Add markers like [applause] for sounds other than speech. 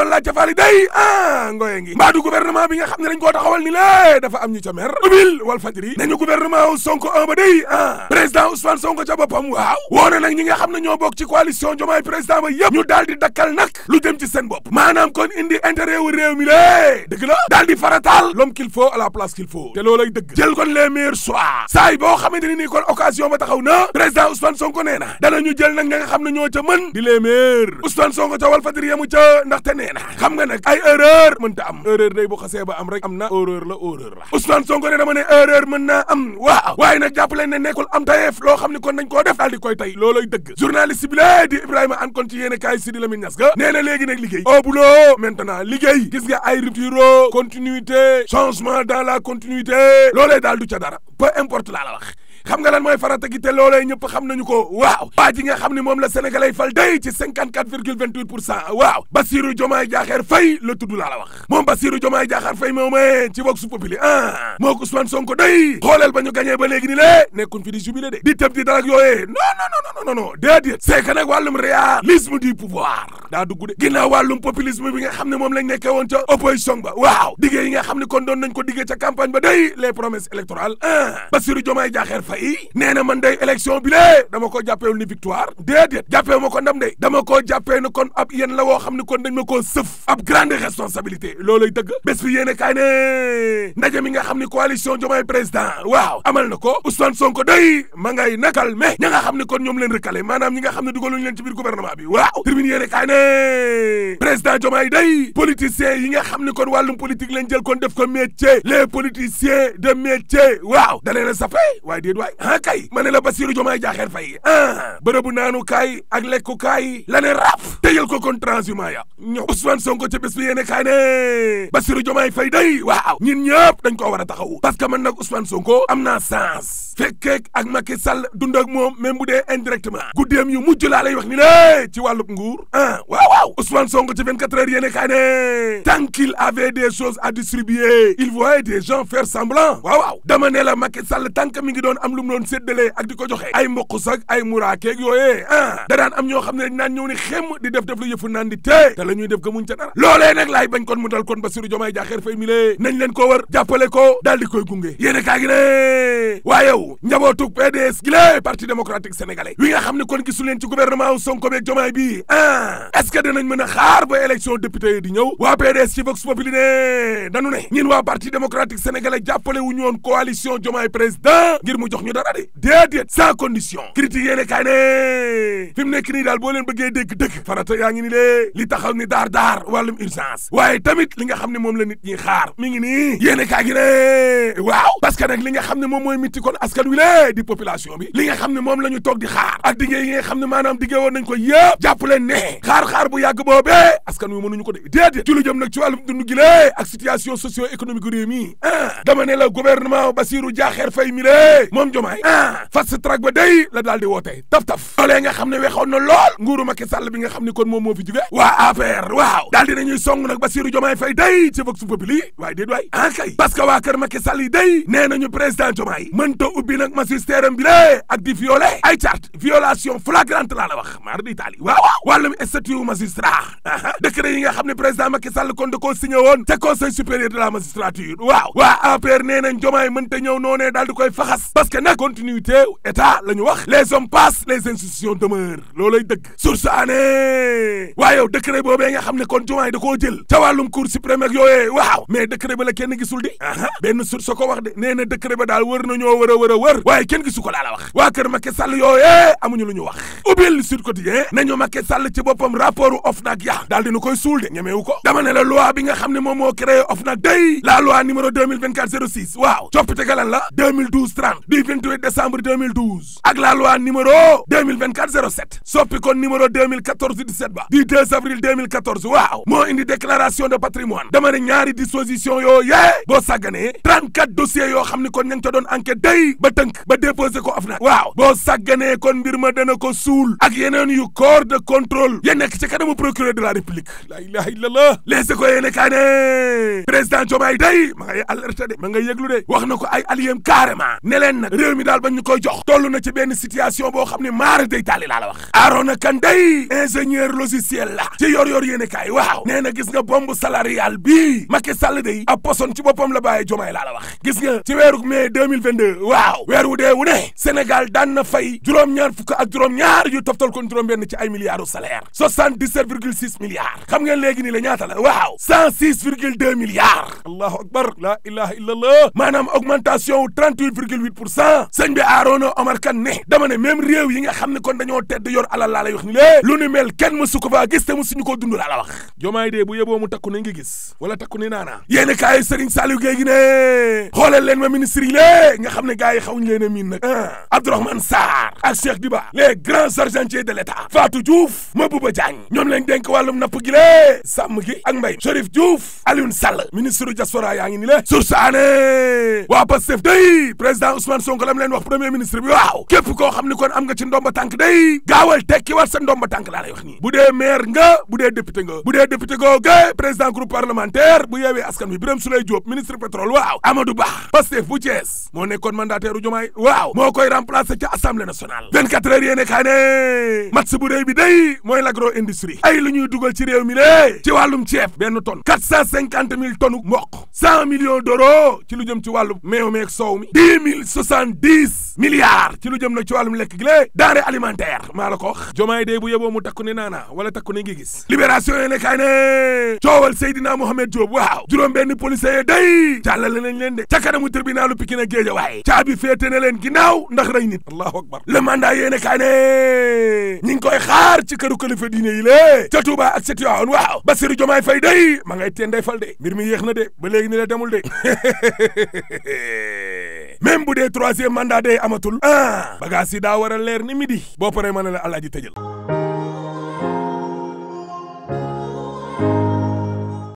doon laaj ca faal day ah ngoye ngi mbaadu bi nga xam ne dañ koo taxawal ni lée dafa am ñu ca mer ubil wal fajri nañu gouvernement Sonko un ba day ah. président Ousmane Sonko ca boppam waaw woo na nag ñi nga xam ne ñoo bokk ci coalition Diomaye président ba yëpp ñu daal di dakkal nag lu jëm ci seen bopp maanaam kon indi intérêt wu réew mi lée dëgg la daal di farataal l'homme qu'il faut à la place qu'il faut te loolay dëgg jël kon les meilleurs choix saa yi ni nii kon occasion ba taxaw na na danañu jël nag ña nga xam ne ñoo ca mën di jafe na nga nag ay erreur mënta am erreur day bu xasee ba am rek am na erreur la erreur la Ousmane Sonko ne dama ne erreur mën naa am waaw waaye nag jàpp leen ne nekkul am tayeef loo xam ne kon nañ ko def daal di koy tey looloy dëgg journaliste bi la di Ibrahima an kon ci yéen a kaay Sidi Lamine Niass ga nee na léegi nag liggéey au boulot maintenant liggéey gis nga ay rupture continuité changement dans la continuité loolee daal du ca dara peu importe la la wax xam nga lan mooy farata gi te loolee ñëpp xam nañu ko waaw waa ji nga xam ne moom la sénégalais fal day ci 54 virgule 28 pour cent waaw Bassirou Diomaye Diakhar Faye la tudd laa la wax moom Bassirou Diomaye Diakhar Faye moomee ci Vox Populi ah moo ko Ousmane Sonko day xooleel ba ñu gañee ba léegi ni lée nekkuñ fi di jubilé de di tëb di dalak yooyee non non non non non non déedéet c'est que nag wàllum réalisme du pouvoir daa dugg de ginnaaw wàllum populisme bi nga xam ne moom lañ nekkee woon ca opposition ba waaw diggée yi nga xam ne kon doon nañ ko diggee ca campagne ba day les promesses électorales ah Bassirou Diomaye Diakhar Faye nee na man day élection bi lée dama ko jàppewul ni victoire déedéet jàppeewu ma ko dam de dama koo jàppee ni kon ab yéen la woo xam ne kon dañ ma koo sëf ab grande responsabilité loolay dëgg bés bi yéene kaay ndaje mi nga xam ne coalition Diomaye président waaw amal ko Ousmane Sonko day ma ngay nakal mais ña ne président Diomaye day politiciens yi nga xam ne kon wàllum politique lañ jël kon def ko métier les politiciens de métier waaw da leen a safee waaye déet waay ah kay ma ne la Bassirou Diomaye jaaxeer fay ah bërëbu naanu kaay ak lekku kaay la ne raaf tëjal ko kon transhumant ya ño Ousmane Sonko ca bés bi yéene kaay ne Bassirou Diomaye fay day waaw ñun ñëpp dañ ko war a taxawu parce que man nag Ousmane Sonko am naa sens fekkeek ak Macky Sall dund ak moom même bu dee indirectement guddeem yu mujj laa lay wax mi la ci wàllub nguur ah waw waaw Ousmane Sonko ci 24 heures yéene kaay ne tant qu'il avait des choses à distribuer il voyait des gens fer semblant waaw waaw dama ne la Macky Sall tànk mi ngi doon am lu mu doon séddalee ak di ko joxe ay mboq sak ay muraakeeg yooyee ah da daan am ñoo xam ne dañ naan ñëw ni xem di def def lu yëfu naan di te la ñuy def ko muñ ca dara loolee nag bañ kon mu dal kon Bassirou Diomaye Diakhar Faye mi nañ leen koo war jàppale ko daal di koy gunge yéene kaay gi ne waaye taxaw njabootu PDS gi la parti démocratique sénégalais wi nga xam ne kon gisu leen ci gouvernement Sonko beeg Jomaay bi ah est-ce que mën a xaar ba élection député di ñëw waa PDS ci Vox Populi ne danu ne ñun waa parti démocratique sénégalais jàppale wu ñu woon coalition Jomaay président ngir mu jox ñu dara de déedéet sans condition critique yéene kaay ne fi mu nekk nii daal boo leen bëggee dégg dëgg farata yaa ngi ni lee li taxaw daar daar wàllum la nit ñi xaar mi ngi nii yéene kaay gi ne waaw parce askan wi di population bi li nga xam ne moom la ñu toog di xaar ak diggée yi xam ne maanaam diggée woon nañ ko yëpp jàpp leen ne xaar-xaar bu yàgg boobee askan wi mënuñu ko def déedéet ci lu jëm nag ci wàllum dund gi lee ak situation socio économique réew mi ah dama ne la gouvernement Bassirou Diakhar Faye mi lee jomaay ah fast track ba day la daal di wootee taf-taf loolee nga xam ne wexoon na lool nguuru Macky Sall bi nga xam ne kon moom moo fi jóge waa APR waaw daal dinañuy song nag Bassirou Diomaye Faye day ci Vox ubbi nag magistère am bi lé ak di violé ay charte violation flagrante laa la wax maar di taali waaw waaw wàllum statut wu magistrat yi nga xam ne président Macky waaw waa APR nee nañ mënta ñëw noonee daal di koy faxas parce que nag continuité la ñu wax les hommes passent les institutions demeurent loolay dëgg source année waaye yow décret xam ne kon jomaay da koo jël ca wàllum cour suprême ak waaw mais décret ba la kenn gisul di benn source ko a wër a wër waaye laa la wax waa kër Macky Sall yooyee amuñu lu ñu wax ubbil Sud Quotidien nañu Macky Sall ci boppam rapportu OFNAC ya daal dina koy suul de ñemeewu ko dama la loi bi nga xam ne moom moo créé OFNAC day la loi numéro 2024 06 waaw coppite galan la 2012 30 du 28 décembre 2012 ak la loi ba du 2 waaw moo indi déclaration de patrimoine dama ñaari disposition yoo yee boo sàgganee 34 dossiers yoo xam ne kon ña ngi ca doon ba tënk ba déposé ko OFNAC waaw boo sàgganee kon mbir ma dana ko suul ak yeneen yu corps de contrôle ya nekk ci kanamu procureur de la république la ilaha illallah les ko yéene kaa ne président day ma ngay alerté de ma yëglu de wax na ko ay alliés carrément ne leen nag réew daal bañ ñu koy jox toll na ci benn situation boo xam ne maara day taali laa la wax Arona Kane day ingénieur logiciel la ci yor yor yéene kaay waaw nee gis nga bombe salariale bii Macky Sall day ci boppam la bàyyee Diomaye wax gis nga ci weeruk mai 2022 waaw waaw weer wu dee wu ne Sénégal daan na fay juróom-ñaar fukk ak juróom-ñaar yu toftal kon juróom-benn ci ay milliards u salaire 77 virgule 6 milliards xam ngeen léegi nii la ñaata la waaw 106 virgule 2 milliards allahu akbar la ilaha illallah maanaam augmentation 38 virgule 8 ne dama ne même réew yi nga xam ne kon dañoo tedd yor alal laa lay wax ni lée lu ko faa gis te mësuñu koo dee bu yeboo mu takku ne wala takku ne naanaa yéen kaay Serigne Saliou Gueye leen ma ministre yi lée nga xam ne gaay gars yi xawuñ leen a miin nag ah Abdourahmane Sarr ak Cheikh Diba les grands argentiers de l'État Fatou Diouf Mabouba Diagne ñoom lañ denk wàllum napp gi lée sàmm gi ak mbay Chérif Diouf Alioune Sall ministre diaspora yaa ni la sursaane waa Pastef day président Ousmane Sonko lam leen wax premier ministre bi waaw képp koo xam ni kon am nga ci ndomba tànk day gaawal tekki war sa ndomba tànk laa wax nii bu dee maire nga bu dee député nga bu dee député googa président groupe parlementaire bu yeewee askan wi Birame Souleye Diop ministre pétrole waaw Amadou candidature Diomaye waaw moo koy remplacer ci assemblée nationale 24 heures yéene bu réy bi day mooy l'agro industrie ay lu ñuy dugal ci réew mi lée ci wàllum ceeb benn tonne 450 000 tonnes mboq 100 millions d'euros ci lu jëm ci wàllum meew meeg soow mi 10 ci lu jëm nag ci wàllum lekk gi lée denrée alimentaire maa la ko wax Diomaye day bu yeboo mu takku ne naana wala takku ne ngi gis libération yéene kaa ne coowal Seydina Mohamed Diop waaw juróom benn policier day jàllale nañ leen de ca kanamu tribunalu Pikine ak féete na leen ginnaaw ndax rey nit allahu akbar le mandat yéene kaa ne ñi ci këru kilifa diine yi lée ca Touba ak set yoon waaw Bassirou Diomaye Faye day ma ngay fal de mbir mi yéex na de ba léegi ni la demul de [laughs] bu dee troisième mandat day amatul ah bagaas yi daa war a leer ni midi boo paree ma ne la alaaji tëjal